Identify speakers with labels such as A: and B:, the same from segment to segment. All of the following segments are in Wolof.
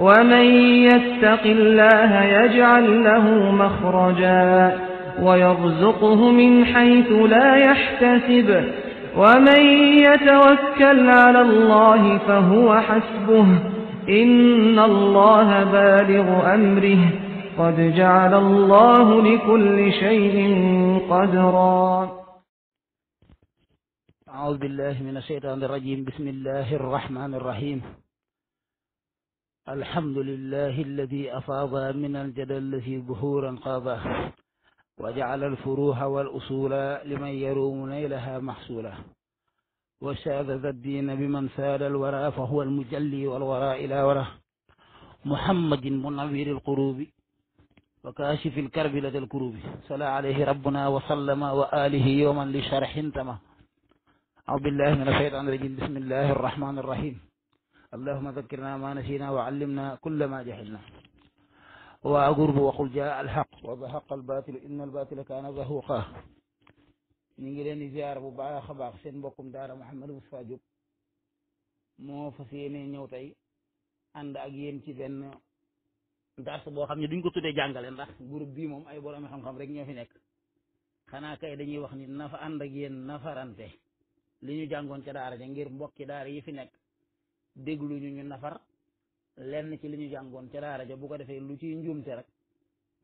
A: ومن يتق الله يجعل له مخرجا ويرزقه من حيث لا يحتسب ومن يتوكل على الله فهو حسبه إن الله بالغ أمره قد جعل الله لكل شيء قدرا أعوذ بالله من الشيطان الرجيم بسم الله الرحمن الرحيم الحمد لله الذي أفاض من الجدل في بحورا قاضة وجعل الفروح والأصول لمن يروم نيلها محصولا وشاذ الدين بمن ساد الورى فهو المجلي والوراء إلى وراء محمد منور القروب وكاشف الكرب لدى الكروب صلى عليه ربنا وسلم وآله يوما لشرح تمام أعوذ بالله من الشيطان الرجيم بسم الله الرحمن الرحيم اللهم ذكرنا ما نسينا وعلمنا كل ما جهلنا وأقرب وقل جاء الحق وظهق الباطل إن الباطل كان ظهوقا نجل نزار أبو بعض خباق سنبكم دار محمد الفاجب مو فسيني نيوتاي عند أجين تزن دار سبو خم يدين كتو دي جانجل انده غرب بي موم أي بورا محمد خم رجنيا في نك خنا كاي دي وخني نفا عند أجين نفا رانته لنجانجون كدار جنجير موكي دار يفي نك déglu ñu ñu nafar lenn ci li ñu jàngoon ca daara ja bu ko defee lu ciy njuumte rek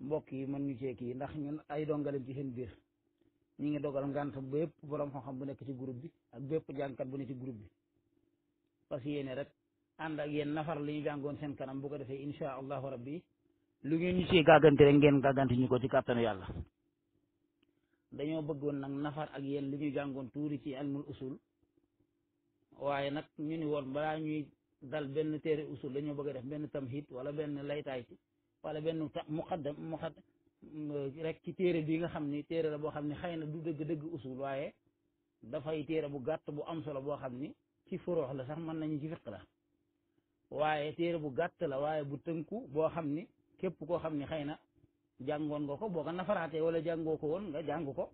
A: mbokk yi mën ñu cee kii ndax ñun ay dongalim ci seen biir ñi ngi dogal ngant bépp borom xam-xam bu nekk ci groupe bi ak bépp jàngkat bu nekk ci groupe bi parce que yéene rek ànd ak yéen nafar li ñu jàngoon seen kanam bu ko defee incha allahu rabbi lu ngeen ñu cee gàggante ngeen gàggante ñu ko ci kàttanu yàlla dañoo bëggoon nag nafar ak yéen li ñu jàngoon tuuri ci almul usul waaye nag ñu ni woon balaa ñuy dal benn téere usul dañoo bëgg a def benn tamhid wala benn laytaay ci wala benn muqaddam muqad mm, rek ci téere bi nga xam ni téere la boo xam ne xëy na du dëgg-dëgg usul waaye dafay téere bu gàtt bu am solo boo xam ni ci furoox la sax mën nañu ci fiq waaye téere bu gàtt la waaye bu tënku boo xam ni képp koo xam ni xëy na jàngoon nga ko boo ko nafaraatee wala jàngoo ko woon nga jàng ko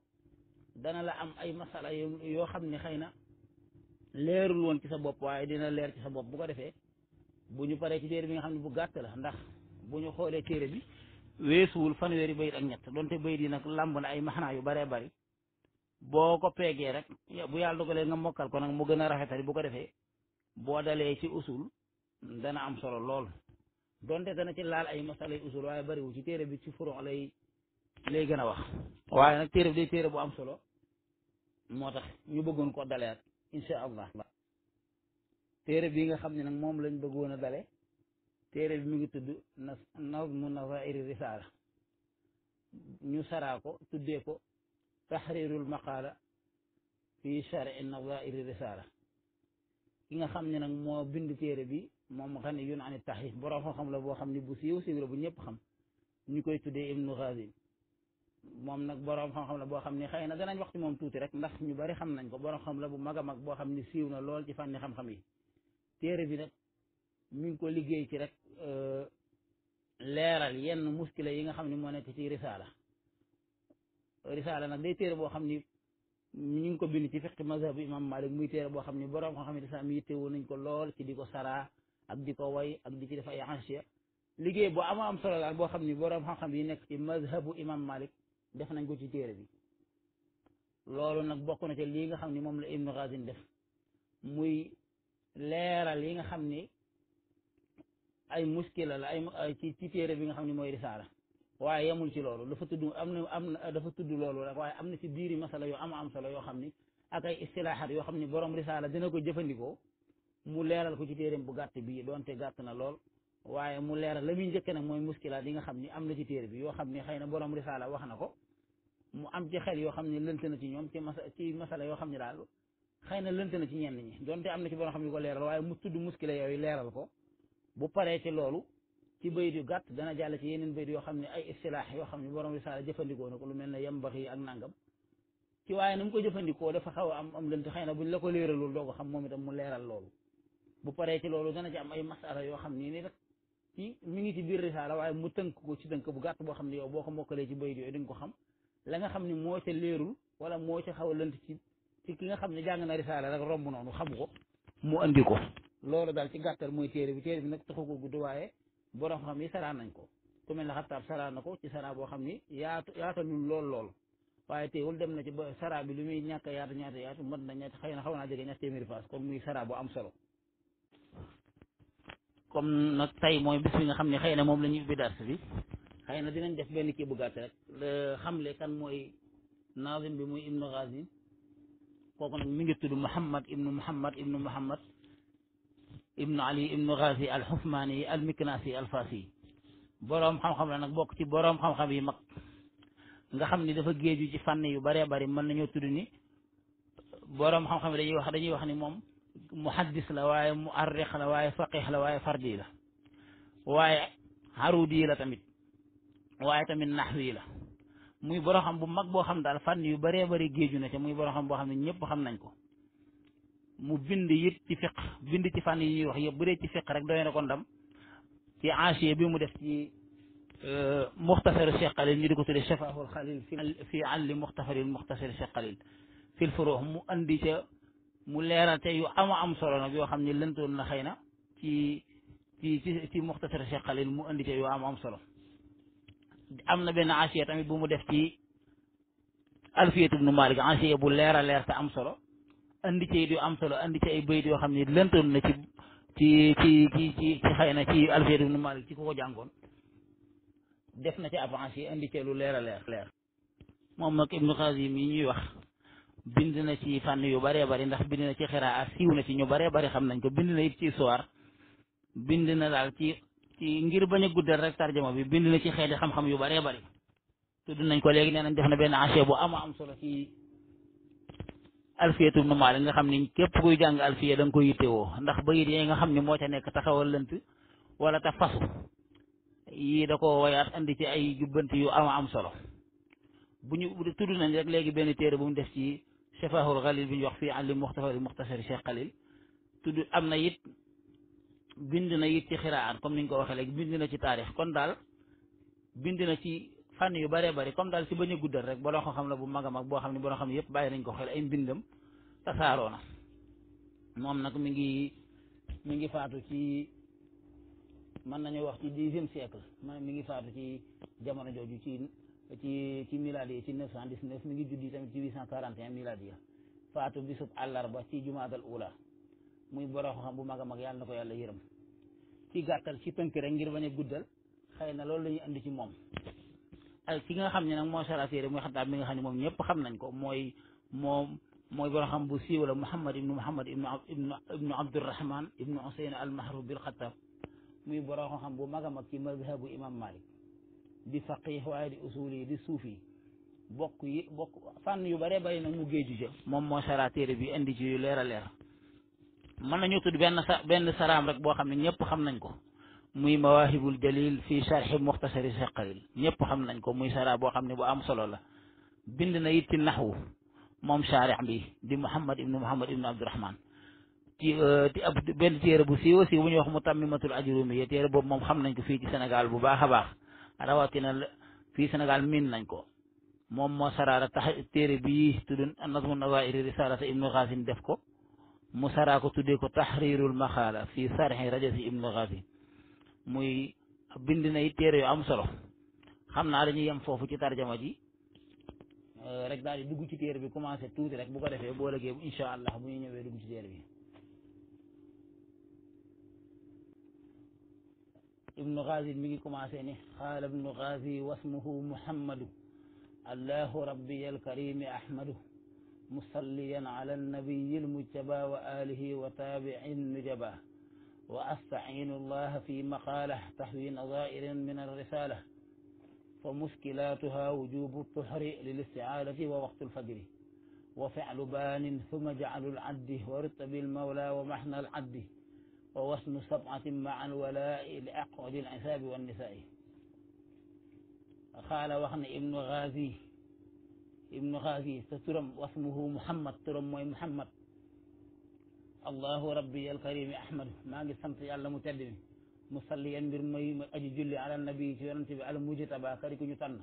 A: dana la am ay masala yoo xam ni xëy na leerul woon ci sa bopp waaye dina leer ci sa bopp bu ko defee bu ñu paree ci téere bi nga xam ne bu gàtt la ndax bu ñu xoolee téere bi weesuwul fanweeri bayit ak ñett donte bayit yi nag làmb na ay maxnaa yu baree bari boo ko rek bu yàlla dogalee nga mokkal ko nag mu gën a rafetali bu ko defee boo dalee ci usul dana am solo lool donte dana ci laal ay masalay usul waaye bariwu ci téere bi ci furon lay lay gën a wax waaye nag téere bi day téere bu am solo moo tax ñu bëggoon ko daleat incha allah téere bi nga xam ne nag moom lañ bëggoon a dale téere bi mu ngi tudd na nazmu nazairi risaala ñu saraa ko tuddee ko taxrirul maqaala fi shari nazairi risaala ki nga xam ne nag moo bind téere bi moom xani yun ani taxrif borom xam la boo xam ne bu siiw siiw la bu ñëpp xam ñu koy tuddee ibnu xaazin moom nag boroom xam-xam la boo xam ni xëy na danañ wax ci moom tuuti rek ndax ñu bari xam nañ ko boroom xam la bu mag a mag boo xam ni siiw na lool ci fànni xam-xam téere bi nag ngi ko liggéey ci rek euh, leeral yenn muskila yi nga xam ni moo nekk ci risaala risaala nag boo xam ni ñu ngi ko bind ci fiqi mazhabu imam malik muy téere boo xam ni boroom xam xam islam yitte woon nañ ko lool ci di ko saraa ak di ko way ak di ci def ay ansia liggéey boo ama am solo daal boo xam ni boroom xam-xam yi nekk ci mazhabu imam malik def nañ ko ci téere bi loolu nag bokk na ci lii nga xam ni moom la Ibnu Xaasin def muy leeral yi nga xam ni ay muskila la ay ci ci téere bi nga xam ni mooy risaala waaye yemul ci loolu dafa tudd am na am na dafa tudd loolu rek waaye am na ci biiri masala yoo am am solo yoo xam ni ak ay istilaaxaat yoo xam ni borom risaala dina ko jëfandikoo mu leeral ko ci téereem bu gàtt bi donte gàtt na lool waaye mu leeral la muy njëkk nag mooy muskilaat yi nga xam ni am na ci bi yoo xam ni xëy na borom risaala wax na ko mu am ci xel yoo xam ne lënt na ci ñoom ci yoo xam ne daal xëy na lënt na ci ñenn ñi donte am na ci boo xam ne ko leeral waaye mu tudd muskila yooyu leeral ko bu paree ci loolu ci bayit yu gàtt dana jàll ci yeneen bayit yoo xam ne ay istilaax yoo xam ne borom risaala jëfandikoo na ko lu mel ne yambax yi ak nangam ci waaye ni mu ko jëfandikoo dafa xaw a am am lënt xay na bu buñ la ko leeralul doo ko xam moom itam mu leeral loolu bu paree ci loolu dana ci am ay masala yoo xam ne ni rek ci mu ngi ci biir risaala waaye mu tënk ko ci tënk bu gàtt boo xam ne yow boo ko mokkalee ci bayit yooyu di nga ko xam la nga xam ni moo ci leerul wala moo ci xaw a lënt ci ki nga xam ne jàng na risaala rek romb noonu xam ko mu indi ko loolu daal ci gàttal muy téere bi téere bi nag taxu ko gudd waaye borom xam ni saraa nañ ko ku mel ne xattaab saraan na ko ci saraa boo xam ni yaatu yaatalul lool lool waaye teewul dem na ci ba saraa bi lu muy ñàkk yaatu ñaata yaatu mën na ñett xëy na xaw naa jege ñett téeméeri paas kon muy saraa bu am solo comme nag tey mooy bis bi nga xam ne xëy na moom la ñuy ubbi bi xëy dinañ def benn kii bu gàtt rek xamle kan mooy naazim bi muy ibnu Gazin kooku nag mi ngi tudd Muhammad ibnu Muhammad ibnu Muhammad ibnu Ali ibnu Gazi al Xufmaani al Miknaasi al fasi boroom xam-xam la nag bokk ci boroom xam-xam yi mag nga xam ni dafa géeju ci fànn yu bare bëri mën nañoo tudd ni boroom xam-xam yi dañuy wax dañuy wax ni moom muhaddis la waaye muarrix la waaye faqix la waaye fardi la waaye harudi la tamit waye tamit nahwi la muy boroxam bu mag bo xam dal fan yu bare bare geejju na ci muy boroxam bo xam ni ñëpp xam nañ ko mu bind it ci fiqh bind ci fan yi wax yeb bu re ci fiqh rek doyna ko ndam ci ashiya bi mu def ci مختصر الشيخ قليل ñu di ko الخليل في في fi مختصر المختصر الشيخ قليل في الفروع مو mu andi ca mu leeral te yu ama am solo nag yoo xam في في na xëy na ci ci ci ci muxtasaru Cheikh Xalil am na benn asiya tamit bu mu def ci alfiyat ibnu malik asiya bu leer a leer te am solo andi ci yu am solo andi ay bayit yoo xam ne lëntoon na ci ci ci ci ci xëy na ci alfiyat ibnu malik ci ko jàngoon def na ci ab asiya andi ci lu leer a leer leer moom nag ibnu xaasim yi ñuy wax bind na ci fànn yu bëree bari ndax bind na ci xiraa siiw na ci ñu bëree bari xam nañ ko bind na it ci histoire bind na daal ci ci ngir bañ a guddal rek tarjama bi bind na ci xeeti xam-xam yu bare bëri tudd nañ ko léegi nee def na benn enché bu ama am solo ci alfiyatu ibnu Maalik nga xam ni képp kuy jàng alfiya da nga koy yittewoo ndax bayit yi nga xam ne moo ca nekk taxawal lënt wala ta fasu yii da ko wayaat andi ci ay jubbanti yu ama am solo bu ñu tudd nañ rek léegi benn téere bu mu def ci Shifaaul Xalil bi ñu wax fii an li muxtasari muxtasari Cheikh Xalil tudd am na it bind na it ci xiraan comme ni ñu ko waxee léegi bind na ci taarix kon daal bind na ci fànn yu bëree bëri comme daal si bañ a guddal rek borom xam-xam ne bu mag a mag boo xam ne borom xam yëpp bàyyi nañ ko xel ay mbindam tasaaroo na moom nag mi ngi mi ngi faatu ci mën nañu wax ci dixième siècle maanaam mi ngi faatu ci jamono jooju ci ci ci milaadi yi ci neuf cent dix-neuf ngi judd yi tamit ci huit cent quarante et àllarba ci jumaatal ula muy borom xam bu mag a mag yàlla ko yàlla yërëm ci gàttal ci tënk rek ngir bañ guddal xëy na loolu la ñuy andi ci moom ay ki nga xam ne nag moo sara téere muy mi nga xam ne moom ñëpp xam nañ ko mooy moom mooy borom xam bu siiw la Muhammad ibnu Muhammad ibnu ibnu Abdurrahman ibnu Usayn al-Mahruf bil Xattaab muy borom xam bu mag a mag ci mazhabu imam Malik di faqih waaye di usul di suuf yi bokk yi bokk fànn yu bare bari nag mu géeju moom moo sara bi indi ci yu leer a leer mën nañu tudd benn sa benn saraam rek boo xam ne ñëpp xam nañ ko muy mawaahibul dalil fii sarxi muxtasari saqalil ñëpp xam nañ ko muy sara boo xam ne bu am solo la bind na it ci naxwu moom saarix bi di muhammad ibnu muhammad ibnu abdurahman ci ci ab benn téere bu siiw aussi bu ñuy wax mu tammimatul ajrumi ya téere boobu moom xam nañ ko fii ci Sénégal bu baax a baax rawatina fii Sénégal miin nañ ko moom moo saraara tax téere bii tudd nazmu nawairi risalata ibnu xaasin def ko mu saraa ko tuddee ko taxriirul maxaala fii sarxi rajasi ibnu xafi muy bind na it téere yu am solo xam naa dañuy yem foofu ci tarjama ji rek daal di dugg ci téere bi commencé tuuti rek bu ko defee boo lëggee incha allah bu ñu ñëwee dugg ci téere bi ibnu xazi mi ngi commencé ni xaala ibnu xazi wasmuhu muhammadu allahu rabbi alkarimi ahmadu مصليا على النبي المجتبى وآله وتابع النجبة وأستعين الله في مقاله تحوي نظائر من الرسالة فمشكلاتها وجوب الطهر للاستعادة ووقت الفجر وفعل بان ثم جعل العد ورتب المولى ومحنى العد ووسم سبعة مع الولاء لأقعد العساب والنساء قال وحن ابن غازي ibnu xaafis te turam wasmuhu muhammad turam mooy muhammad allahu rabbi alkarimi ahmad maa ngi sant yàlla mu tedd mi musalliyan mbir may aji julli ala nabi ci yonante bi al mujtaba kari ku ñu tànn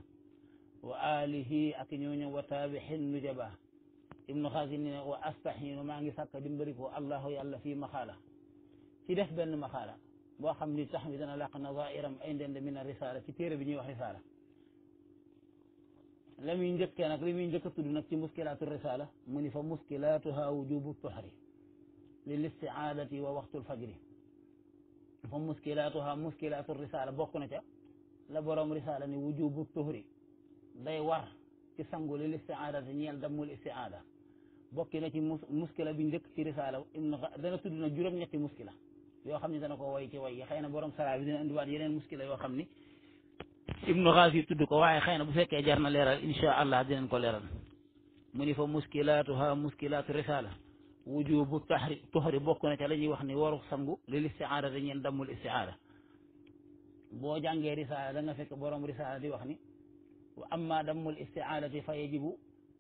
A: wa alihi ak ñooñu wa taabihin nujaba ibnu xaafis ni ne wa astahinu maa ngi sàkk dimbali ko allahu yàlla fii maxaala ci def benn maxaala boo xam ni tax mi dana làq na zairam ay ndend min a risaala ci téere bi ñuy wax risaala لم ينجك انا كريم ينجك تدنك مشكلات الرساله من فمشكلاتها وجوب الطهر للاستعادة ووقت الفجر فمشكلاتها مشكلات الرساله بوكنا تي لا بروم رساله ني وجوب الطهر داي وار تي سانغو للاستعادة نيال دم الاستعادة بوكنا تي مشكله بي نجك تي رساله ان دنا تدنا جورم نيتي مشكله يو خامني دنا كو واي تي واي خاينا بروم سراوي دنا اندي وات يلين مشكله يو خامني ibnu xaafir tudd ko waaye xëy na bu fekkee jar na leeral insha allah dinañ ko leeral mu ni fa muskilaatuha muskilaatu risala wujubu taxri toxri bokk na ca la ñuy wax ni waru sangu lil istiaara te ñeen dammul istiaara boo jàngee risala da nga fekk borom risala di wax ni wa amma dammul istiaarati fa yajibu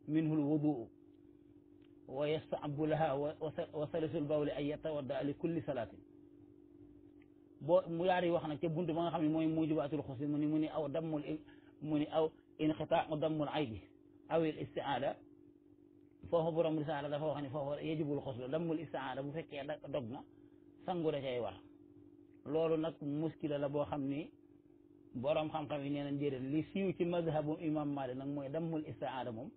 A: minhu lwuduu wa yastahabu laha wa salisul bawli an yatawadda li kulli salaatin boo mu yaari wax nak ca buntu ba nga xamni moy mooy mujibaatul xusli mu ni mu ni aw in mu ni aw inqitaau dammul aybi aw il istiaada foofu borom risaala dafa wax ni foofu yajibul xuslu damul istiaada bu fekke da dog sangu da cey war loolu nak muskila la bo xamni borom xam-xam yi nee nañ li siiw ci madhhabu imam Maalik nag mooy dammul istiaada moom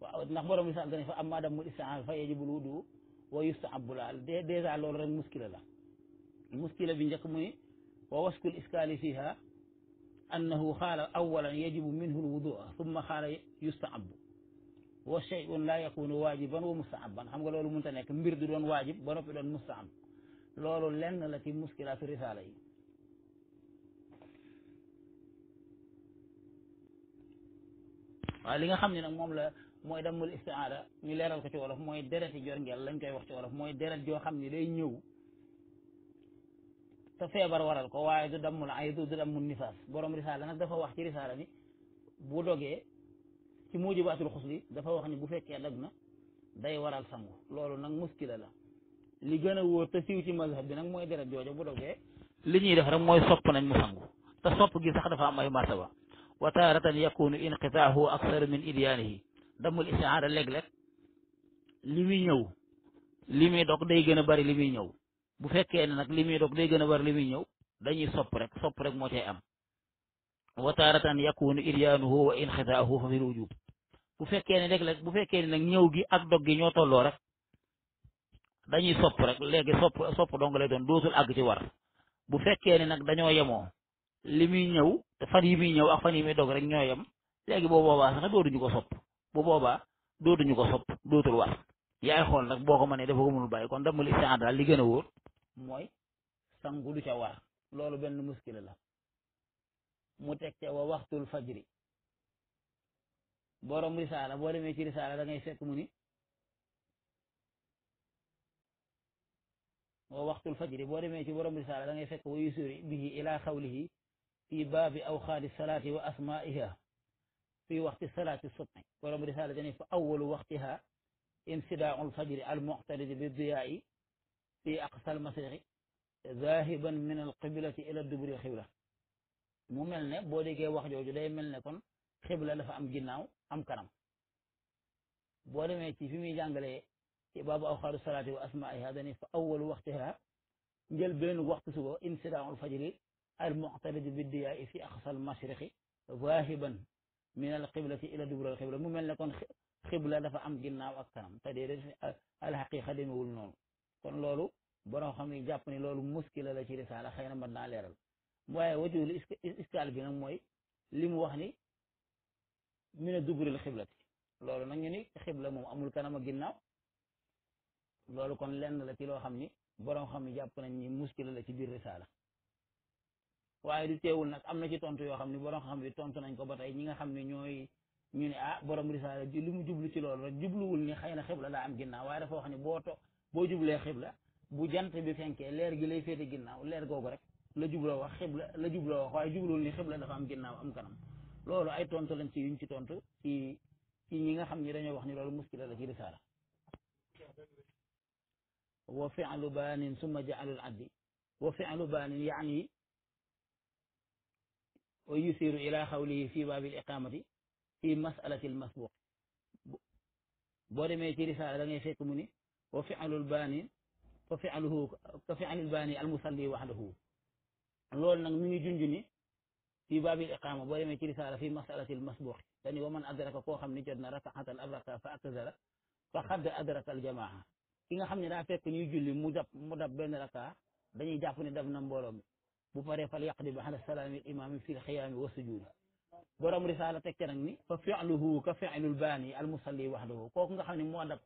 A: waaw nak borom risala dañ fa amma dammul istiaada fa yajibul wudu wa yustahabbu al dèjà loolu rek muskila la المشكلة في بنجكمي إيه؟ ووسك الإشكال فيها أنه خال أولا يجب منه الوضوء ثم خال يستعب والشيء لا يكون واجبا ومستعبا هم قالوا له منتنك دون واجب بنو المستعب لولا مستعب التي مشكلة في الرسالة li nga xam ne nag moom la ñu leeral ko ci wolof mooy deret jor ngeel lañ koy wax ci wolof mooy deret joo xam day ñëw te feebar waral ko waaye du dammul aydu du dammul nifaas borom risaala nag dafa wax ci risaala ni bu dogee ci mujibaatul xusli dafa wax ni bu fekkee dagg na day waral sangu loolu nag muskila la li gën a wóor te siiw ci mazhab bi nag mooy deret jooja bu dogee li ñuy def rek mooy sopp nañ mu sangu te sopp gi sax dafa am ay martaba wa taaratan yakunu inqitaahu aksaru min idyaanihi dammul istihaara léeg-léeg li muy ñëw li muy dog day gën a bari li muy ñëw bu fekkee ne nag li muy dog day gën a war li muy ñëw dañuy sopp rek sop rek moo cay am wa taaratan yakunu iryaanuhu wa inxitaahu fa fil wujub bu fekkee ne léeg-léeg bu fekkee ne nag ñëw gi ak dog gi ñoo tolloo rek dañuy sopp rek léegi sopp sopp dong lay doon dootul àgg ci war bu fekkee ne nag dañoo yemoo li muy ñëw te fan yi muy ñëw ak fan yi muy dog rek ñoo yem léegi boo boobaa sax dootuñu ko sopp bu boobaa dootuñu ko sopp dootul war yaay xool nag boo ko mënee dafa ko mënul bàyyi kon da isaan daal li gën a wóor mooy sangu du ca war loolu benn muskila la mu teg ca wa waxtul fajri borom risaala boo demee ci risaala da ngay fekk mu ni wa waxtul fajri boo demee ci borom risaala da ngay fekk wa yusuri bihi ila xawlihi fi baabi awxaadi salaati wa asmaiha fi waxti salaati subhi borom risaala dane fa awalu waxtiha insidaaul fajri al muqtaridi في أقصى المسيح ذاهبا من القبلة إلى الدبر خبلة مملنا بودي كي واحد جوجو داي ملنا كون خبلة لفا أم جناو أم كرم بودي ما يتي في ميجان غلي إباب أخر الصلاة وأسماء هذا نفس أول وقتها جل بين وقت سوى إنسداء الفجر المعتبد بالدياء في أقصى المشرق ذاهبا من القبلة إلى دبر الخبلة مملنا كون خبلة لفا أم جناو أم كرم تدير الحقيقة دي مولنون kon loolu borom xam yi jàpp ni loolu muskila la ci risaala xay na mën naa leeral waaye wajul iskaal bi nag mooy li mu wax ni mina duburil xiblati loolu nag ñu ni xibla moom amul kanam a ginnaaw loolu kon lenn la ci loo xam ni borom xam yi jàpp nañ ni muskila la ci biir risaala waaye du teewul nag am na ci tontu yoo xam ni borom xam yi tontu nañ ko ba tey ñi nga xam ne ñooy ñu ne ah borom risaala li mu jublu ci loolu rek jubluwul ni xëy na xibla daa am ginnaaw waaye dafa wax ni boo to boo jublee xibla bu jant bi fenkee leer gi lay féete ginnaaw leer googu rek la jubloo wax xibla la jubloo wax waaye jublool ni xibla dafa am ginnaaw am kanam loolu ay tontu lañ ci yuñ ci tontu ci ñi nga xam ni dañoo wax ni loolu muskila la ci risaala wa fi'lu baanin summa ja'alul addi wa fi'lu baanin yaani wa yusiru ila xawlihi fi baabil iqaamati fi mas'alatil masbuuq boo demee ci risaala da ngay fekk mu ni وفعل الباني وفعله كفعل الباني المصلي وحده لول نك ميغي جونجوني في باب الاقامه بو يمي رساله في مساله المسبوح يعني ومن ادرك كو خامني جدنا ركعه الابرك فاعتذر فقد ادرك الجماعه كيغا خامني دا فك ني جولي مو داب مو داب بن ركعه داني جاب ني دافنا مبولم بو باري فال يقضي بحال السلام الامام في الخيام والسجود بروم رساله تك نك ففعله كفعل الباني المصلي وحده كوكو خامني مو داب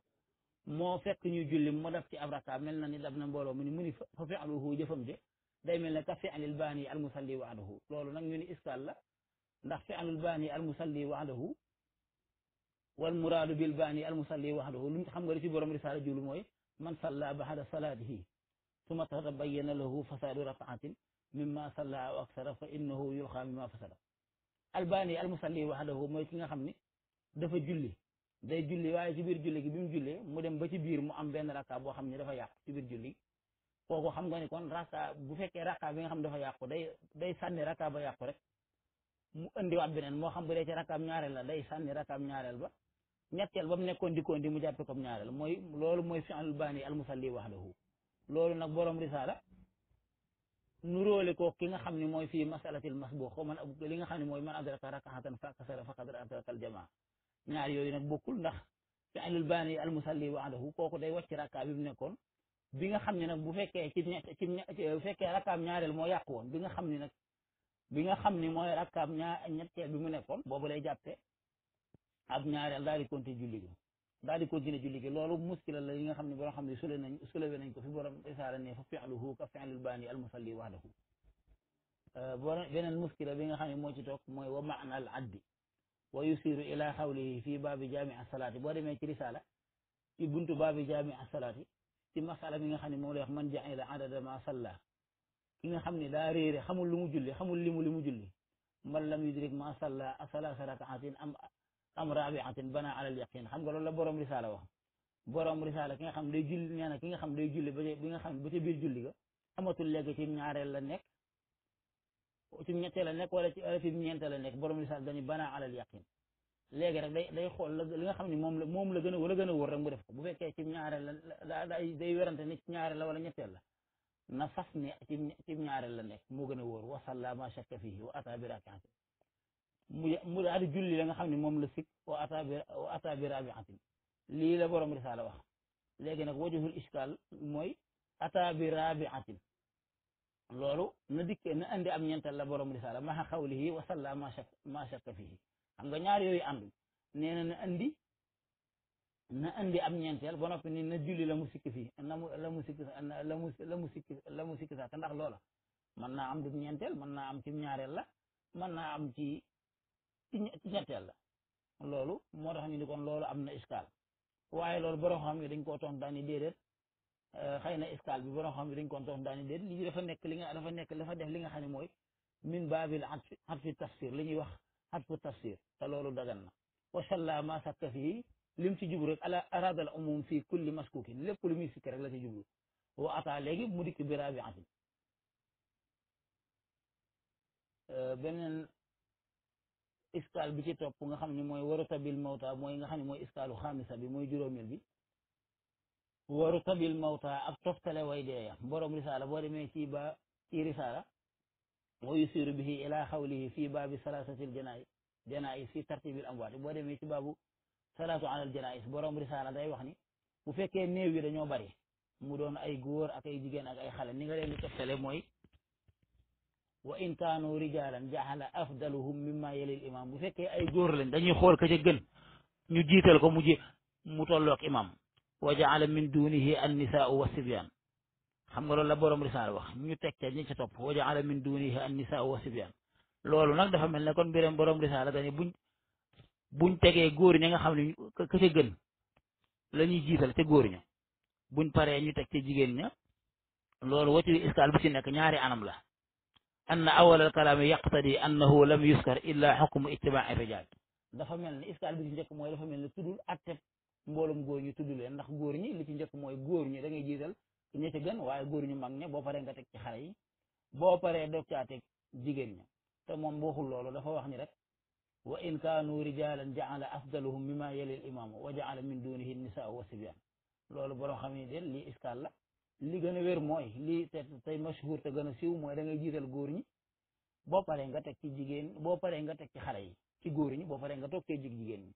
A: moo fekk ñu julli mu def ci ab raka mel na ni daf na mbooloo mu ni mu ni fa fi'luhu jëfam de day mel ne ka fi'lil baani al musalli wahdahu loolu nag ñu ni iskaal la ndax fi'lul baani al musalli wahdahu wal muraadu bil baani al musalli wahdahu lu xam nga li ci borom risaala jublu mooy man salla ba'da salaatihi summa tabayyana lahu fasaadu rakaatin mimma salla aw aksara fa innahu yulqa mimma fasada al baani al musalli wahdahu mooy ki nga xam ni dafa julli day julli waaye ci biir julli gi bi mu jullee mu dem ba ci biir mu am benn rakka boo xam ne dafa yàqu ci biir julli kooku xam nga ni kon rakka bu fekkee rakka bi nga xam dafa yàqu day day sànni rakka ba yàqu rek mu indiwaat beneen moo xam bu dee ci rakkaam ñaareel la day sànni rakkaam ñaareel ba ñetteel ba mu nekkoon dikkoon di mu jàppe comme ñaareel mooy loolu mooy fi'lul baani al musalli wahdahu loolu nag borom risaala nuróole ko ki nga xam ne mooy fii masalatil masbuq man li nga xam ne mooy man adraka rak'atan fa kasara faqad adraka al jamaa ñaar yooyu nag bokkul ndax fi al-Albani al-musalli wa wahdahu koku day wàcc rakka bi mu nekkoon bi nga xam ne nag bu fekkee ci ci bu fekkee rakkaam ñaareel moo yàqu woon bi nga xam ne nag bi nga xam ne mooy rakkaam ñaar ñetteel bi mu nekkoon boobu lay jàppe ak ñaareel daal di continuer julli gi daal di continuer julli gi loolu muskila la yi nga xam ne borom xam ne sule nañ sulewe nañ ko fi borom isaara ne fa fi'luhu ka fi'lil baani al-musalli wa wahdahu beneen muskila bi nga xam ne moo ci toog mooy wa ma'na al addi ويثير إلى حوله في باب جامع الصلاة بوري ما رسالة في بنت باب جامع الصلاة في مسألة من خاني مولي من جعل عدد ما صلى كنا خمني لا ريري خمو اللي مجلي خمو اللي مولي مجلي من لم يدرك ما صلى أصلى ركعات أم أم رابعة بنى على اليقين خم قالوا بروم رسالة وهم بروم رسالة كنا خم دي جل يعني نيانا كنا خم دي جل بجي بنا خم بتي بير جل لغا أما تلقي كتير نعرى ci ñettee la nekk wala ci wala ci ñeente la nekk borom risaal dañu banaa alal yaqin léegi rek day day xool li nga xam ne moom la moom la gën a wala gën a wóor rek mu def ko bu fekkee ci ñaareel la day day werante ni ci ñaareel la wala ñetteel la na fas ne ci ci ñaareel la nekk moo gën a wóor wasalla ma shakka fihi wa ata bi rakiatin mu mu daal di julli la nga xam ne moom la sikk wa ata bi wa ata bi rabiatin lii la borom risaala wax léegi nag wajhul iskal mooy ata bi rabiatin loolu na dikkee na andi am ñental la borom risaala maxa xawlihi wa salla ma shak ma shakka fihi xam nga ñaar yooyu ànduñ nee na na andi na andi am ñeenteel ba noppi ni na julli la mu sikki fii na la mu sikki la mu la mu sikki la mu sikki sax ndax loola mën naa am du ñeenteel mën naa am ci ñaareel la man naa am ci ci ñetteel la loolu moo tax ñu ni kon loolu am na iskaal waaye loolu borom xam ne dañ koo tontu daal ni déedéet xeyna na escale bi borom xam ne dañ koon toon daani déet lii dafa nek li nga dafa nek dafa def li nga xam moy min babil atfi atfi tafsir li ñuy wax atfu tafsir ta lolu dagan na wa wasalla ma sakka fi lim ci jubru ala ala al umum fi kulli maskukin lépp lu muy sikk rek la ci jubru wa ata legi mu dikk bi rabi atin benen iskaal bi ci top nga xamni moy warata bil mawta moy nga xamni moy mooy khamisa bi moy juromel bi warutabil mawta ak toftale way deeya borom risala boo demee ci ba ci risala wa yusiru bihi ila xawlihi fi baabi salaasati aljanaais janais fi tartibil amwaati boo demee ci baabu salaatu ala aljanais borom risala day wax ni bu fekkee néew yi dañoo bari mu doon ay góor ak ay jigéen ak ay xale ni nga leen di toftale mooy wa in kaanu rijalan jaxala afdaluhum mimma yali al imam bu fekkee ay góor lañ dañuy xool ka ca gën ñu jiital ko mu ji mu tolloog imam وجعل من دونه النساء والصبيان خم لا بروم رسال واخ نيو تك تي نيتا توب وجعل من دونه النساء والصبيان لولو نك دا فا ملني كون بيرم بروم رسال داني بون بون تيغي غور نيغا خم ني كسي گن لا ني جيتال تي غور ني بون باري نيو تك تي جيجين ني لولو وتي اسكال بو سي نك نياري انام لا ان اول الكلام يقتضي انه لم يذكر الا حكم اتباع الرجال دا فا ملني اسكال بو سي نك موي دا فا mbolum goor ñu tuddu leen ndax goor ñi li ci ñëk moy goor ñi da ngay jital ñi ci gën waye goor ñu mag ña bo paré nga tek ci xalé yi boo paree dog caa teg jigéen ña te moom waxul loolu dafa wax ni rek wa in kanu rijalan jaala afdaluhum mimma yali al-imam wa jaala min dunihi an nisaa wa sibyaan loolu borom xam ni del li iskaal la li gëna wër moy li lii te mashhur te gëna siw moy da ngay jital goor ñi bo paré nga tek ci jigéen bo paré nga tek ci xalé yi ci goor ñi bo paré nga toog cee jig ñi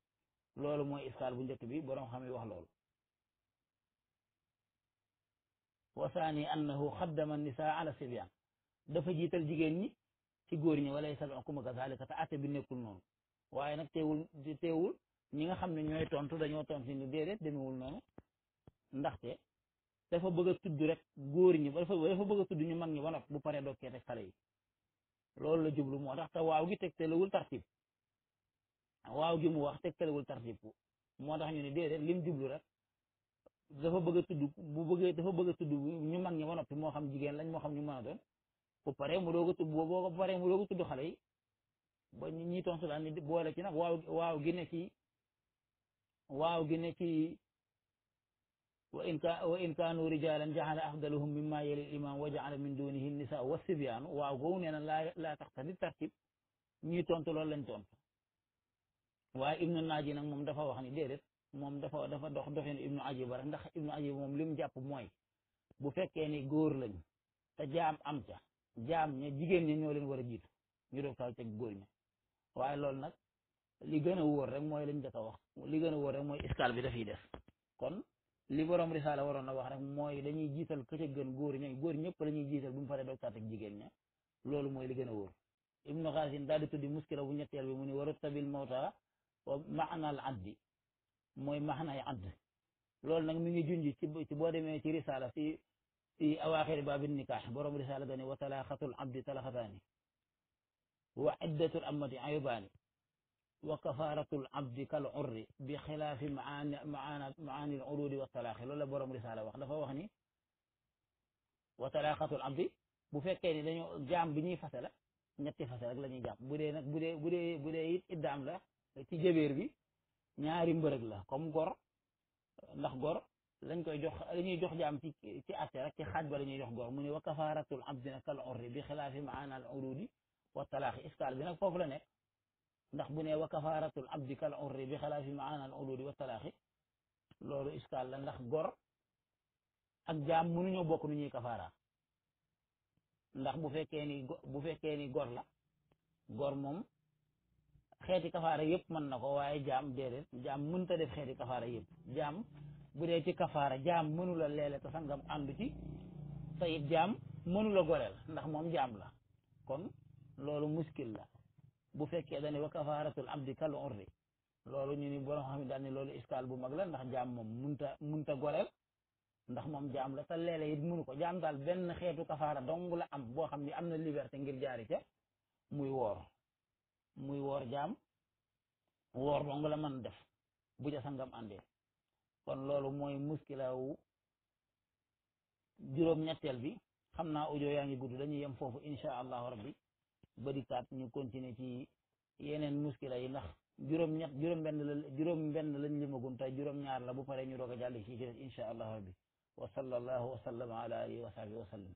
A: loolu mooy iskaal bu njëkk bi borom xam yi wax loolu wa saani annahu xaddama nisaa ala sibyaan dafa jiital jigéen ñi ci góor ñi walay sabikum kazalika te atte bi nekkul noonu waaye nag teewul teewul ñi nga xam ne ñooy tontu dañoo tontu ni déedéet demewul noonu ndaxte dafa bëgg a tudd rek góor ñi dafa dafa bëgg a tudd ñu mag ñi ba noppi bu paree dokkee teg xale yi loolu la jublu moo tax te waaw gi tegtalewul tartib waaw gi mu wax tegtalewul tartibu moo tax ñu ne déedéet lim jublu rek dafa bëgg a tudd bu bëggee dafa bëgg a tudd ñu mag ñi ba noppi moo xam jigéen lañ moo xam ñu mën a doon bu paree mu doog a tudd boo bu paree mu doog a tudd xale yi ba ñi tonsu daal ni boole ci nag waaw waaw gi ne ci waaw gi ne ci wa in ka wa in kaanu rijalan jaxala afdaluhum mimma yali imam wa ja'ala min dunihi nisa wa sibyan waaw googu nee na laa laa tax tani tartib ñi tontu loolu lañ tontu waaye ibnu naaji nag moom dafa wax ni déedéet moom dafa dafa dox doxin ibnu ajiba rek ndax ibnu ajiba moom lim mu jàpp mooy bu fekkee ni góor lañ te jaam am ca jaam ña jigéen ña ñoo leen war a jiitu ñu doog taal teg góor ña waaye loolu nag li gën a wóor rek mooy lañ njëkk wax li gën a wóor rek mooy iskaal bi dafiy des kon li borom risaala waroon na wax rek mooy dañuy jiital ka ca gën góor ña góor ñëpp lañuy ñuy jiital bu mu paree doog taal teg jigéen ña loolu mooy li gën a wóor ibnu xaasin daal di tuddi muskila bu ñetteel bi mu ni waru tabil mawta ومعنى العد موي معنى عد لول نك ميغي جوندي سي بو ديمي سي رساله في في اواخر باب النكاح بروم رساله داني وتلاخه العبد تلاخان وعدة الأمد عيبان وكفارة العبد كالعر بخلاف معاني معاني, معاني العروض والتلاخي لولا بروم رسالة واخ دافا واخني وتلاخة العبد بو فكيني دانيو جام بني فصلة نيتي فصلة لا ني جام بودي نك بودي بودي بودي يد ادام لا ci jabéer bi ñaari mbërëg la comme gor ndax gor lañ koy jox la ñuy jox jaam ci ci atte rek ci xaaj ba la ñuy jox gor mu ne wa kafaaratul abdi nag kal orri bi xilaafi maana al urudi wa talaaxi iskaal bi nag foofu la nekk ndax bu ne wa kafaaratul abdi kal orri bi xilaafi maana al urudi wa talaaxi loolu iskaal la ndax gor ak jaam mënuñoo bokk nu ñuy kafaara ndax bu fekkee ni bu fekkee ni gor la gor moom xeeti kafaara yëpp mën na ko waaye jaam déedéet jaam mënuta def xeeti kafaara yëpp jaam bu dee ci kafaara jaam mënula leele te sangam àndu ci te it jaam mënula goreel ndax moom jaam la kon loolu muskil la bu fekkee dane wa kafaaratul abdi kal urri loolu ñu ni borom xam ne daal loolu iskaal bu mag la ndax jaam moom munta munta goreel ndax moom jaam la te léeg-léeg ko jaam daal benn xeetu kafaara dong la am boo xam ni am na liberté ngir jaari ca muy woor muy woor jaam woor dong la mën def bu ja sangam àndee kon loolu mooy muskilaawu juróom-ñetteel bi xam naa audio yaa ngi gudd dañuy yem foofu incha allahu rabbi ba dikkaat ñu continuer ci yeneen muskila yi ndax juróom-ñett juróom-benn la juróom-benn lañ limagun tey juróom-ñaar la bu pare ñu doog a jàll ci incha allahu rabbi wa sallallahu wa sallama ala alihi wa sahbihi wa sallam